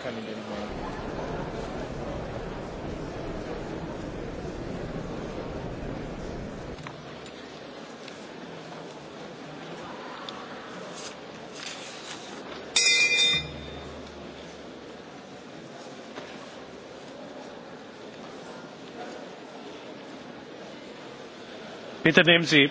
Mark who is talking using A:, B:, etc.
A: Balcani del mondo.
B: Bitte nehmen Sie